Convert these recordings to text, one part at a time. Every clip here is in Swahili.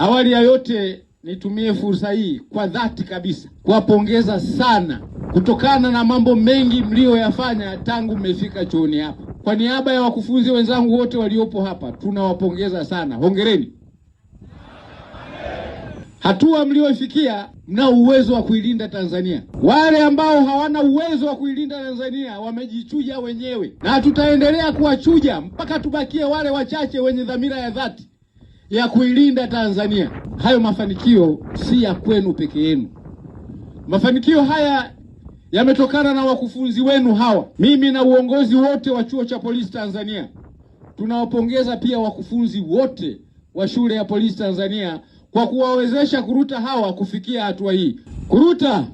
Awali ya yote nitumie fursa hii kwa dhati kabisa kuwapongeza sana kutokana na mambo mengi mliyoyafanya tangu mmefika chuoni hapa. Kwa niaba ya wakufunzi wenzangu wote waliopo hapa, tunawapongeza sana, hongereni. Hatua mlioifikia, mna uwezo wa kuilinda Tanzania. Wale ambao hawana uwezo wa kuilinda Tanzania wamejichuja wenyewe, na tutaendelea kuwachuja mpaka tubakie wale wachache wenye dhamira ya dhati ya kuilinda Tanzania. Hayo mafanikio si ya kwenu peke yenu. Mafanikio haya yametokana na wakufunzi wenu hawa. Mimi na uongozi wote wa Chuo cha Polisi Tanzania tunawapongeza pia wakufunzi wote wa Shule ya Polisi Tanzania kwa kuwawezesha KURUTA hawa kufikia hatua hii. KURUTA,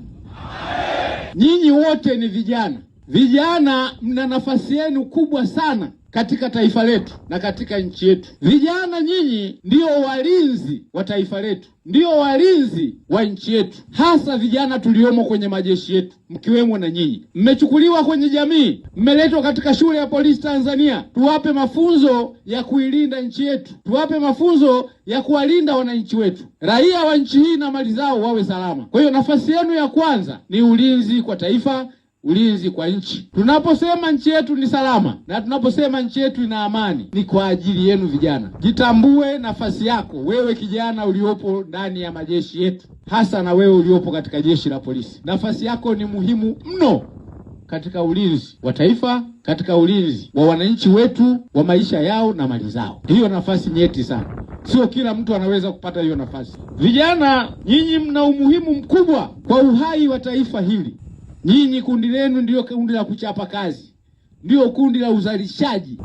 nyinyi wote ni vijana. Vijana mna nafasi yenu kubwa sana katika taifa letu na katika nchi yetu. Vijana nyinyi ndio walinzi wa taifa letu, ndio walinzi wa nchi yetu, hasa vijana tuliomo kwenye majeshi yetu, mkiwemo na nyinyi. Mmechukuliwa kwenye jamii, mmeletwa katika shule ya polisi Tanzania. Tuwape mafunzo ya kuilinda nchi yetu, tuwape mafunzo ya kuwalinda wananchi wetu, raia wa nchi hii na mali zao wawe salama. Kwa hiyo nafasi yenu ya kwanza ni ulinzi kwa taifa ulinzi kwa nchi. Tunaposema nchi yetu ni salama na tunaposema nchi yetu ina amani, ni kwa ajili yenu vijana. Jitambue nafasi yako wewe kijana uliopo ndani ya majeshi yetu, hasa na wewe uliopo katika jeshi la polisi. Nafasi yako ni muhimu mno katika ulinzi wa taifa, katika ulinzi wa wananchi wetu, wa maisha yao na mali zao. Hiyo nafasi nyeti sana, sio kila mtu anaweza kupata hiyo nafasi. Vijana, nyinyi mna umuhimu mkubwa kwa uhai wa taifa hili. Nyinyi kundi lenu ndiyo kundi la kuchapa kazi, ndiyo kundi la uzalishaji.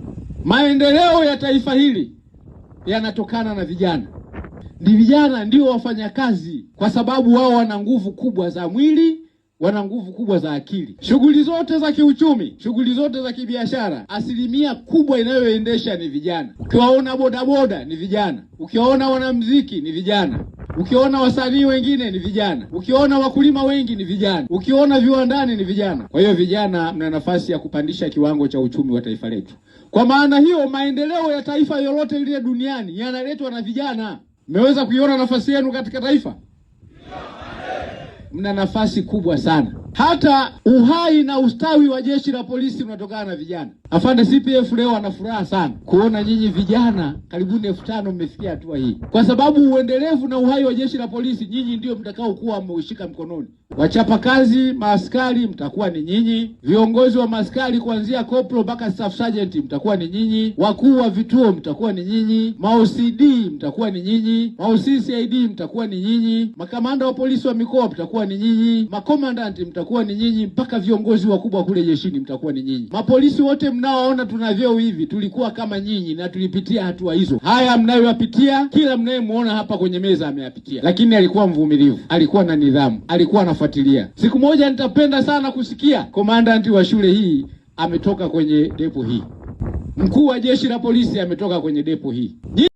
Maendeleo ya taifa hili yanatokana na vijana, ni vijana ndio wafanyakazi, kwa sababu wao wana nguvu kubwa za mwili, wana nguvu kubwa za akili. Shughuli zote za kiuchumi, shughuli zote za kibiashara, asilimia kubwa inayoendesha ni vijana. Ukiwaona bodaboda ni vijana, ukiwaona wanamuziki ni vijana. Ukiona wasanii wengine ni vijana, ukiona wakulima wengi ni vijana, ukiona viwandani ni vijana. Kwa hiyo vijana, mna nafasi ya kupandisha kiwango cha uchumi wa taifa letu. Kwa maana hiyo, maendeleo ya taifa yoyote lile duniani yanaletwa na vijana. Mmeweza kuiona nafasi yenu katika taifa? Mna nafasi kubwa sana. Hata uhai na ustawi wa jeshi la polisi unatokana na vijana. Afande CPF leo ana furaha sana kuona nyinyi vijana karibuni elfu tano mmefikia hatua hii, kwa sababu uendelevu na uhai wa jeshi la polisi nyinyi ndio mtakaokuwa mmeushika mkononi. Wachapakazi maaskari mtakuwa ni nyinyi, viongozi wa maaskari kuanzia koplo mpaka staff sergeant mtakuwa ni nyinyi, wakuu wa vituo mtakuwa ni nyinyi, maocd mtakuwa ni nyinyi, maoccid mtakuwa ni nyinyi, makamanda wa polisi wa mikoa mtakuwa ni nyinyi, makomandanti mtakuwa ni nyinyi, mpaka viongozi wakubwa kule jeshini mtakuwa ni nyinyi. Mapolisi wote mnaoona tuna vyeo hivi tulikuwa kama nyinyi na tulipitia hatua hizo. Haya mnayoyapitia, kila mnayemwona hapa kwenye meza ameyapitia, lakini alikuwa mvumilivu, alikuwa na nidhamu, alikuwa na kufuatilia. Siku moja nitapenda sana kusikia komandanti wa shule hii ametoka kwenye depo hii, mkuu wa jeshi la polisi ametoka kwenye depo hii.